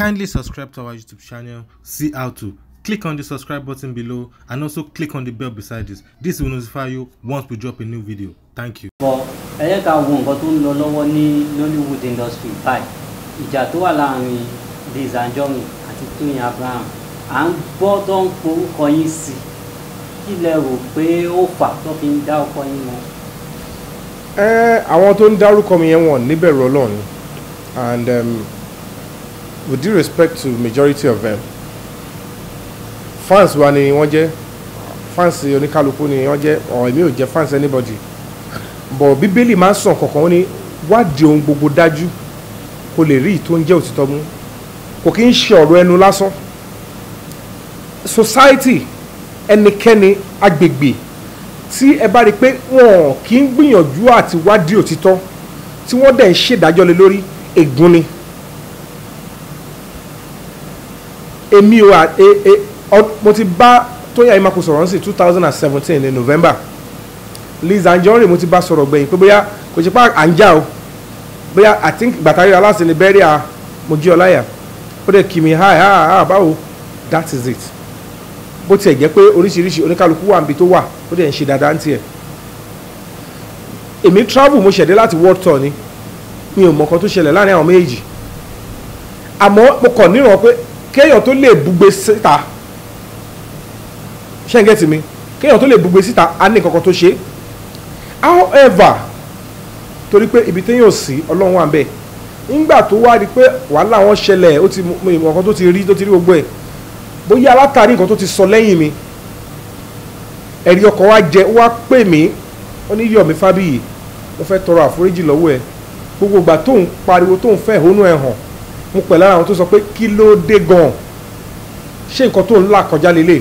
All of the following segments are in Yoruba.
Kindly subscribe to our YouTube channel, see how to. Click on the subscribe button below and also click on the bell beside this. This will notify you once we drop a new video. Thank you. Bọ̀ ẹ jẹ́ ká wo nǹkan tó ń lọ lọ́wọ́ ní Nollywood industry báyìí. Ìjà tó wà láàrin Liz Anjorin àti Tóyìn Abraham. À ń gbọ́ tó ń porúkọ yín sí i. Kí lẹ rò pé ó fà tó fi ń dá ọkọ yín mọ́? Ẹ àwọn tó ń dárúkọ mi yẹn wọ̀n níbẹ̀rù Ọlọ́run and um, with due respect to majority of them fans wa ni wọ́n jẹ́ fans oníkálukú ni wọ́n jẹ́ ọ̀ èmi ò jẹ́ fans anybody bọ̀ bíbélì máa ń sàn kankan ó ní wádìí ohun gbogbo dájú kó lè rí ìtó ń jẹ́ òtítọ́ mú kò kí ń ṣe ọ̀rọ̀ ẹnu lásán society ẹnikẹ́ni agbègbè tí ẹ bá rí i pé wọn kì í gbìyànjú àti wádìí òtítọ́ tí wọ́n dẹ̀ ń ṣèdájọ́ lé lórí ègún ni. èmi o e, e, mo ti bá Tóyìn Ayémakò sọ̀rọ̀ sí two thousand and seventeen ní November Liz Anjorin mo ti bá sọ̀rọ̀ gbẹ̀yìn pé bóyá kò ṣe pa à ń jà o bóyá I think gbàtàrí aláṣẹ ni bẹ́ẹ̀rì à mo jí ọláyà ó dẹ̀ kì mí ha ha ha báwo that is it bó tiẹ̀ jẹ́ pé oríṣiríṣi oníkálukú wà níbi tó wà ó dẹ̀ ń ṣe dáadáa ń tiẹ̀ èmi travel mo ṣẹ̀dé láti world tour ni mi ò mọ̀ kan tó ṣẹlẹ̀ láàrin àwọn méjèèjì àmọ́ mo kàn níran pé kéèyàn tó lè bugbe síta ṣẹ́ǹgẹ́tì mi kéèyàn tó lè bugbe síta á ní kankan tó ṣe however torí pé ibi téèyàn ò sí ọlọ́run wà ń bẹ̀ nígbà tó wá di pé wàhálà wọn ṣẹlẹ̀ ó ti mọ ìmọ̀ kan tó ti rí tó ti rí gbogbo ẹ̀ bóyá látàrí nǹkan tó ti sọ lẹ́yìn mi ẹ̀rí ọkọ̀ wa jẹ wá pè mí ó ní yọ̀mí fábíyì mo fẹ́ tọrọ àforíjì lọ́wọ́ ẹ̀ gbogbo ìgbà tó ń pariwo tó ń fẹ́ ìhónú ẹ̀ hàn mo pẹ̀lú àwọn tó sọ pé kí ló dé gan ṣé nǹkan tó ń là kọjá lélẹ̀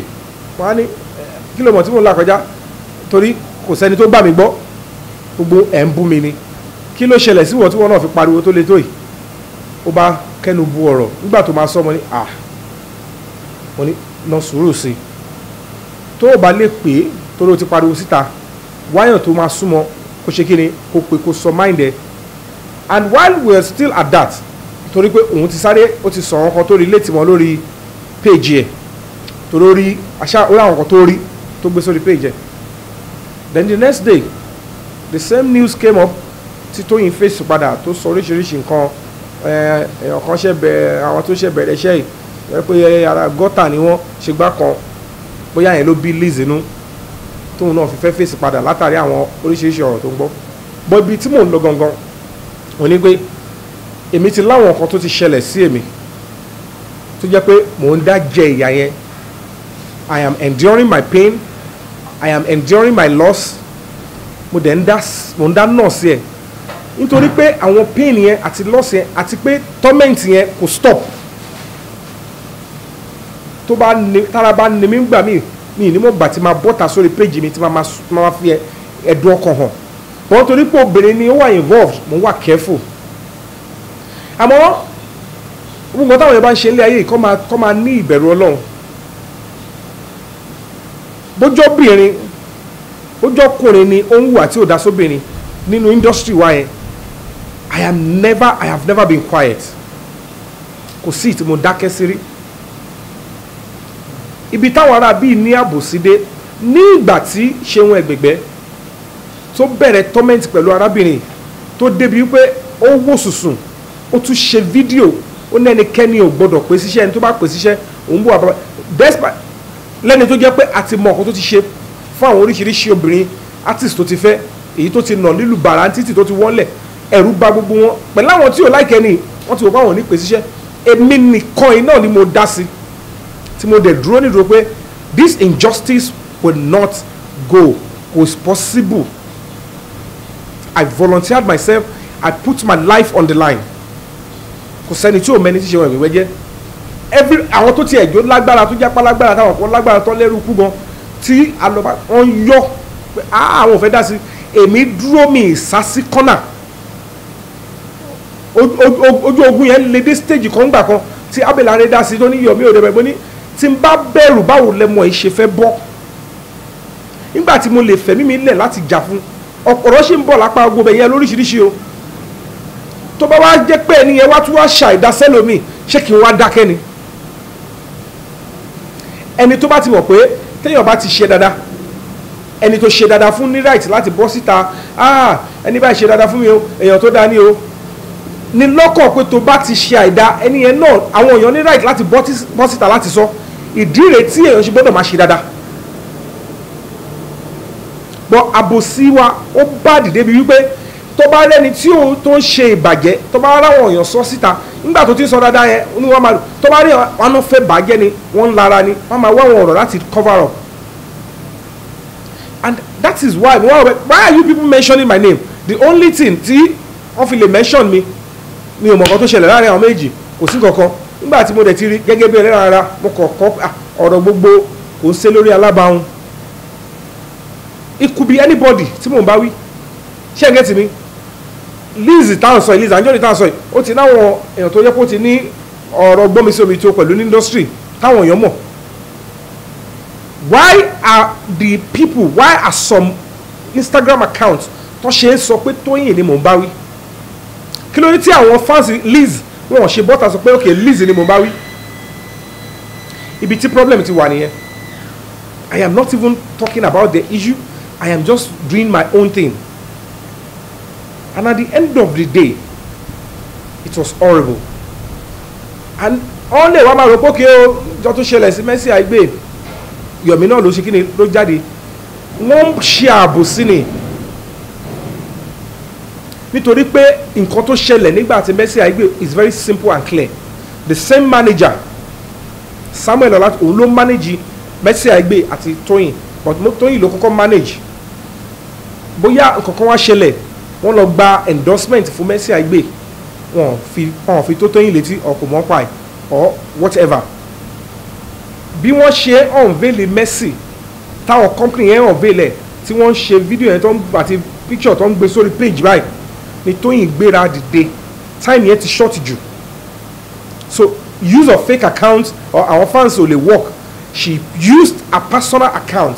wọ́n á ní kí ló mọ̀ tí mo ń là kọjá torí kò sẹ́ni tó gbà mí gbọ́ gbogbo ẹ̀ ń bú mi ni kí ló ṣẹlẹ̀ sí wọ́n tí wọ́n náà fi pariwo tó le tó yìí ó bá kẹ́nu bu ọ̀rọ̀ nígbà tó máa sọ mo ní à mo ní lọ sùúrù sí i tó o bá lè pè é torí o ti pariwo síta wáyàn tó máa súnmọ́ kó ṣe kí ni kó pè kó sọ máìndẹ and while we are still at that torí pé òun ti sáré ó ti sọ̀rọ̀ kan tó rí létí wọn lórí péèjì ẹ̀ torí ó rí àṣà ó láwọn kan tó rí tó gbé sórí péèjì ẹ̀ then the next day the same news came up tí Tóyìn fèsì padà tó sọ oríṣiríṣi nǹkan èèyàn kan ṣe bẹ̀rẹ̀ àwọn tó ṣe bẹ̀rẹ̀ iṣẹ́ yìí wọ́n pé ara gọ́tà ni wọ́n ṣe gbá kan bóyá yẹn ló bí Liz inú tóun náà fi fẹ́ fèsì padà látàrí àwọn oríṣiríṣi ọ̀rọ̀ tó ń gbọ́ bọ́ ibi tí mò ń lọ gangan òní pé èmi ti láwọn nǹkan tó ti ṣẹlẹ̀ sí èmi tó jẹ́ pé mò ń dá jẹ ìyà yẹn I am enduring my pain I am enduring my loss mo dẹ̀ ń dá mo ń dá nọ́ọ̀sì ẹ̀ nítorí pé àwọn pain yẹn àti loss yẹn àti pé torment yẹn kò stop tó bá ní tára bá ní mi ń gbà mí mi ní mo gbà tí ma bọ́ta sórí péjì mi tí ma ma fi ẹ̀dùn ọkàn hàn bọ́n torí pé obìnrin ni ó wà involved mo wà careful àmọ́ gbogbo táwọn yẹn bá ń ṣe ilé ayé kọ́ kọ́ máa ní ìbẹ̀rù ọlọ́run bójọ́bìnrin bójọ́kùnrin ni ó ń wà tí ò nínú industry wa yẹn I am never I have never been quiet kò sí ìtì mo dákẹ́ sí rí ibi táwọn ará bíi ní àbòsí dé ní ìgbà tí Ṣeun Ẹgbẹ̀gbẹ́ tó bẹ̀rẹ̀ torment pẹ̀lú arábìnrin tó débi wípé ó wò sùsùn ó tún ṣe fídíò ó ní ẹnikẹ́ni ò gbọ́dọ̀ pè síṣẹ́ ẹni tó bá pè síṣẹ́ òun bò àbábá despite lẹ́ni tó jẹ́ pé àti mọ ọ̀kan tó ti ṣe fún àwọn oríṣiríṣi obìnrin artist tó ti fẹ́ èyí tó ti nà lílù bàrà títì tó ti wọ́lẹ̀ ẹ̀rù bà gbogbo wọn pẹ̀lú àwọn tí ò láìkẹ́ ni wọ́n ti wò pé àwọn ò ní pè síṣẹ́ èmi nìkan iná ni mo dá sí tí mo dẹ̀ dúró nídúró pé this injustice will not go was possible I volunteered myself I put my life on the line kò sẹ́ni tí ò mẹ́ni tí ṣe wọn ìwé jẹ́ every àwọn tó tiẹ̀ jó lágbára tó jápá lágbára táwọn kan lágbára tán lẹ́rú kú gan tí alọ́ba wọn yọ pé àwọn ò fẹ́ dá sí èmi dúró mi ìsásí kọ́nà ojú ogun yẹn lè dé stage kan gbà kan tí abẹ́lẹ̀ dá sí tó ní yọ̀mí òde bẹ̀ bó ní tí n bá bẹ̀rù báwo lẹ́mọ̀ ẹ̀ ṣe fẹ́ bọ́ nígbà tí mo lè fẹ̀mí mi lẹ̀ láti jà fún ọ̀pọ̀rọ̀ ṣì ń bọ̀ lápá gbogbo ẹ̀yẹ lóríṣiríṣi o tó bá wá jẹ́ pé ẹni yẹn wá tún wá ṣà ìdásẹ́lómi ṣé kí n wá dákẹ́ ni ẹni tó bá ti mọ̀ pé téèyàn bá ti ṣe dáadáa ẹni tó ṣe dáadáa fún ní right láti bọ́ síta ah ẹni bá ṣe dáadáa fún mi o èèyàn tó dáa ní o ní lọ́kọ̀ pé tó bá ti ṣe àìda ẹni yẹn náà àwọn èèyàn ní right láti bọ́ síta láti sọ ìdí rèé tí èèyàn ṣe gbọ́dọ̀ máa ṣe Dada. bọ́ àbòsí wa ó bá dìde bí wípé tó bá rẹ́ni tí òun tó ń ṣe ìbàjẹ́ tó bá ráwọn èèyàn sọ síta nígbà tó ti sọ dáadáa yẹn ni wọ́n máa lò tó bá rí wọn fẹ́ bàjẹ́ ni wọ́n ń lara ni wọ́n máa wá àwọn ọ̀rọ̀ láti cover up and that is why why are you people mentioning my name the only thing tí wọ́n fi lè mention mi mi ò mọ̀ nǹkan tó ṣẹlẹ̀ láàrin àwọn méjì kò sí kankan nígbà tí mo dẹ̀ ti rí gẹ́gẹ́ bí ẹlẹ́ran ara mo kàn kọ́ ọ̀rọ̀ gbogbo kò ń ṣe lórí alábàáhùn it could be anybody tí mò ń bá wí ṣé ẹ̀ gẹ́tì mi Lizzy táwọn sọ yìí Lizzy Anjorin táwọn sọ yìí ó ti láwọn èèyàn tó yẹ kó ti ní ọ̀rọ̀ gbọ́mísómi tó pẹ̀lú ní industry táwọn èèyàn mọ̀ why are the people why are some Instagram accounts tó ṣe ń sọ pé Tóyìn ni mò ń bá wí kí ló ní tí àwọn fans Lizzy wọn ṣe bọ́tà sọ pé ok Lizzy ni mò ń bá wí ibi tí problem ti wà nìyẹn I am not even talking about the issue I am just doing my own thing. And at the end of the day, it was horrible. And all the wàá rò pé kí o oh, jọ tó ṣẹlẹ̀ sí Mercy Aigbe Yomi náà ló ṣe kí ni ló jáde wọ́n ṣe ààbò ni nítorí pé nǹkan tó ṣẹlẹ̀ nígbà tí Mercy Aigbe is very simple and clear the same manager Samuel Ọlá òun ló manage Mercy Aigbe àti Tóyìn but Tóyìn ló kọ́kọ́ manage bóyá nǹkan kan wá ṣẹlẹ̀ wọ́n lọ gba endorsement fún Mercy Aigbe wọn fi wọn fi Tótóyìn létí ọkọ̀ mọ́pa ẹ̀ or whatever bí wọ́n ṣe unveil Mercy táwọn company yẹn unveil ẹ̀ tí wọ́n ń ṣe fídíò yẹn tó ń àti picture tó ń gbé sórí page báyìí ni Tóyìn gbéra dìde time yẹn ti short jù so use of fake account or our fans ò lè work she used her personal account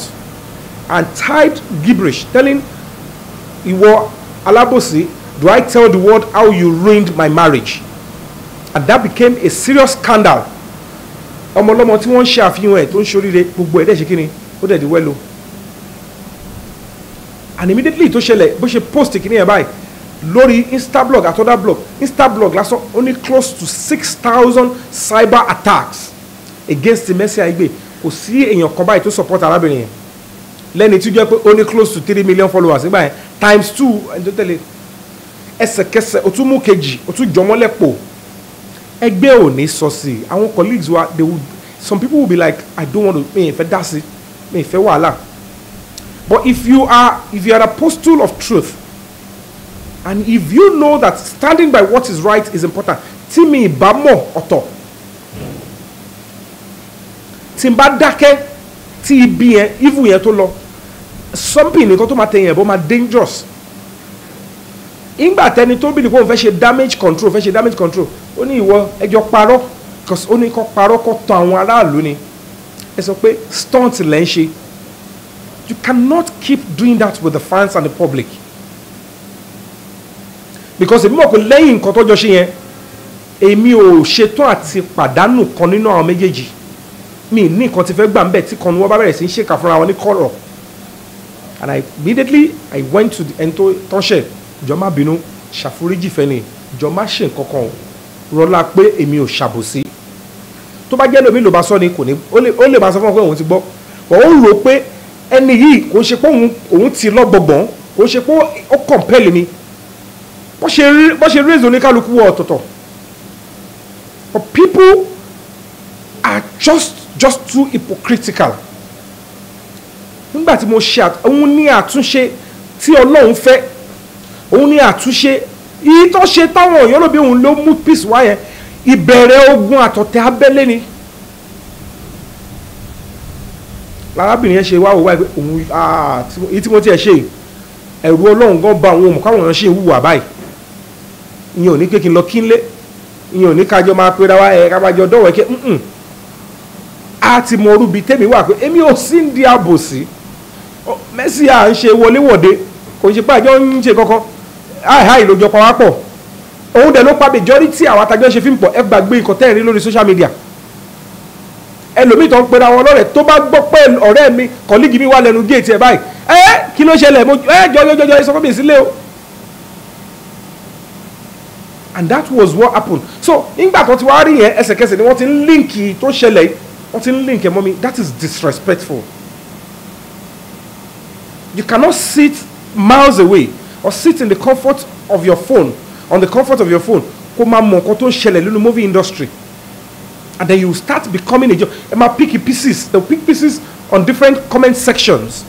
and typed gibberish telling iwọ Alabosi, do I tell the world how you ruined my marriage? And that became a serious scandal. ọmọ ọlọ́mọ tí wọ́n ń ṣe àfihàn ẹ̀ tó ń ṣoríire gbogbo ẹ̀ dẹ̀ ṣe kíni ó dẹ̀ di wẹ́lo. and immediately tó ṣẹlẹ̀ bó ṣe post kíní ẹ̀ báyìí lórí instablog àti other blog instablog lásán ó ní close to six thousand cyber attacks against Mercy Aigbe kò sí èèyàn kan báyìí tó support arábìnrin yẹn lẹ́ni tí ó jẹ́ pé ó close to three million followers nígbà yẹn times two ẹni tó tẹ̀lé ẹsẹ̀kẹsẹ̀ o tún mú kejì o tún jọmọ́lẹ̀ pọ̀ ẹgbẹ́ ò ní sọ sí i colleagues wa they would some people will be like i don't want to mi ìfẹ́ dá sí mi ìfẹ́ wàhálà but if you are if you are a apostle of truth and if you know that standing by what is right is important tí mi ìbá mọ̀ ọ̀tọ̀ tí n bá dákẹ́ tí ibi yẹn ivu yẹn tó lọ something nìkan tó máa tẹ̀yìn ẹ̀bọ máa dangerous ìgbà tẹni tó bìlì kó fẹ́ ṣe damage control fẹ́ ṣe damage control ó ní ìwọ ẹjọ́ parọ́ ó ní kọ́ parọ́ kọ́ tan àwọn aráàlú ni ẹ sọ pé stunt lẹ́ ń ṣe you cannot keep doing that with the fans and the public because èmi mọ̀ pé lẹ́yìn nǹkan tọ́jọ́ ṣe yẹn èmi ò ṣetán àti pàdánù kan nínú àwọn méjèèjì mi ní nǹkan ti fẹ́ gbà ń bẹ̀ tí kan ní wọ́n bá bẹ̀rẹ̀ sí ń ṣèkà fúnra wọn ní kọ̀rọ̀ and I immediately I went to the ẹni tó tọ́ṣẹ̀ binu má bínú ṣàforíjì fẹ́ni jọ má ṣe nǹkan kan rọlá pé èmi ò ṣàbòsí tó bá jẹ́ lómi ló bá sọ ni kò ní ó lè máa sọ fún ọ pé òun ti gbọ́ wọ́n ó rò pé ẹni yìí kò ṣe pé òun ti lọ́gbọ̀gbọ̀n kò ṣe pé ó kọ̀ǹpẹ́lì mi bó ṣe rí èzò oníkálukú wọ ọ̀tọ̀ọ̀tọ̀ but people are just just too hypocritical nígbà tí mo ṣe òun ní àtúnṣe tí ọlọ́run fẹ́ òun ní àtúnṣe iye tó ṣe táwọn èèyàn lóbi òun ló mú peace wá yẹn ìbẹ̀rẹ̀ ogun àtọ̀tẹ̀ abẹ́lé ni arábìnrin yẹn ṣe wá wò wá pé òun èyí tí mo tiẹ̀ ṣe ẹ̀rù ọlọ́run gan ba àwọn òmùkọ́ àwọn èèyàn ṣe ń hùwà báyìí ìyẹn ò ní pé kí n lọ kí n lé ìyẹn ò ní kájọ máa pera wá ẹ̀ kábàjọ dọ̀wọ́ ẹ̀ kí a ti mọ orúbi tèmi wà pé èmi ò sí ń di àbòsí. Si Messi à ń ṣe wọléwọ̀de kò ń ṣe pé àjọ ń ṣe kankan àìháì lójọ pawápọ̀ òun dẹ̀ ló pa majority àwọn àtàjọ ṣe fíìmù pọ̀ ẹ gbàgbé nǹkan tẹ́ lórí social media ẹlòmíì pera wọn lọ́rẹ̀ tó bá gbọ́ pé ọ̀rẹ́ mi kọ́lígì mi wà lẹ́nu géètì ẹ̀ báyìí ẹ kí ló ṣẹlẹ̀ mo ẹ jọjọjọjọ ẹ sọ fún mi sílé o and that was what happened so nígbà tó ti wá rí yẹn ẹsẹ̀kẹsẹ̀ ni wọ́n ti ń líǹkì tó ṣẹlẹ̀ wọ́n ti ń líǹkì ẹ̀ mọ́ mi that is disrespectful. You cannot sit miles away or sit in the comfort of your phone, on the comfort of your phone, kó máa mọ nǹkan tó movie industry and then you start becoming a job ẹ máa pick pieces the pick pieces on different comment sections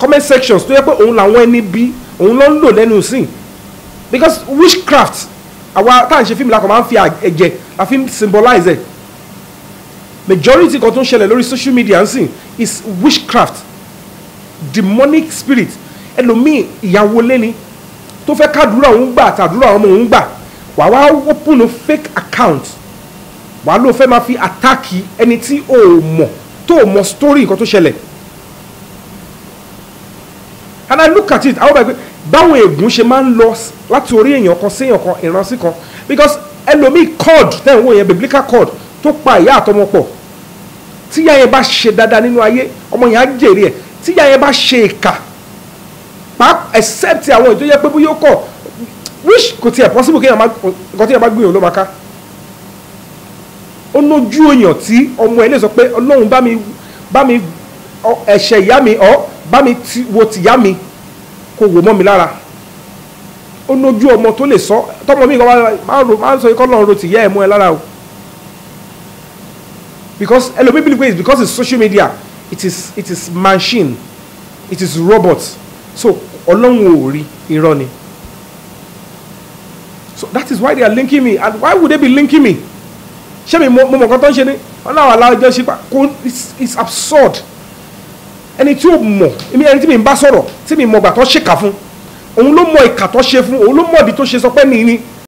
comment sections tó yẹ pé òun làwọn ẹni bí òun ló ń lò lẹ́nu sí because witchcraft àwa tá à ń ṣe fíìmù lákọ̀ọ́ máa ń fi la fi symbolize it. majority kan tó ń social media and sìn is witchcraft demonic spirit ẹlòmíì ìyàwó lẹ́ni tó fẹ́ kádùúrà òun gbà tàdúrà ọmọ òun gbà wà wá open fake account wà ló fẹ́ máa fi àtàkì ẹni tí o ò mọ̀ tó mọ̀ story nǹkan tó ṣẹlẹ̀ and I look at it àwọn bàbá báwọn ègún ṣe máa ń lọ láti orí èèyàn kan sí èèyàn kan ìránṣí kan because ẹlòmíì cord tẹ̀ ń wò yẹn biblical cord tó pa ìyá àtọmọ pọ̀ tíyá yẹn bá ṣe dáadáa nínú ayé ọmọ yẹn á jèrè ẹ̀ tíyà yẹn bá ṣe ìkà pa except àwọn ìjọ yẹ pé bóyá ó kọ̀ which kò tiẹ̀ possible kéèyàn máa nǹkan tí yẹn bá gbìyànjú ló máa ká ó lójú èèyàn tí ọmọ ẹ lè sọ pé ọlọ́run bá mi bá mi ẹ̀ṣẹ̀ ìyá mi ọ́ bá mi wo tìyá mi kò wò mọ́ mi lára ó lójú ọmọ tó lè sọ tọmọ mi kan máa ń sọ ikọ́ lọ́run ro tìyá ẹ̀ mọ́ ẹ lára o because ẹlòmíì believe it's because it's social media it is it is machine it is robot so ọlọ́run ò rí irọ́ ni so that is why they are linking me and why would they be linking me ṣé mi mo mọ̀ tó ń ṣe ni ọlọ́run aláwọ̀jọ́ ṣe pa kò it's absurd ẹni tí ò mọ̀ èmi ẹni tí mi bá sọ̀rọ̀ tí mi mọ̀ gbà tó ṣèkà fún òun ló mọ̀ ìkà tó ṣe fún òun ló mọ̀ ibi tó ṣe sọ pé nìyí ni.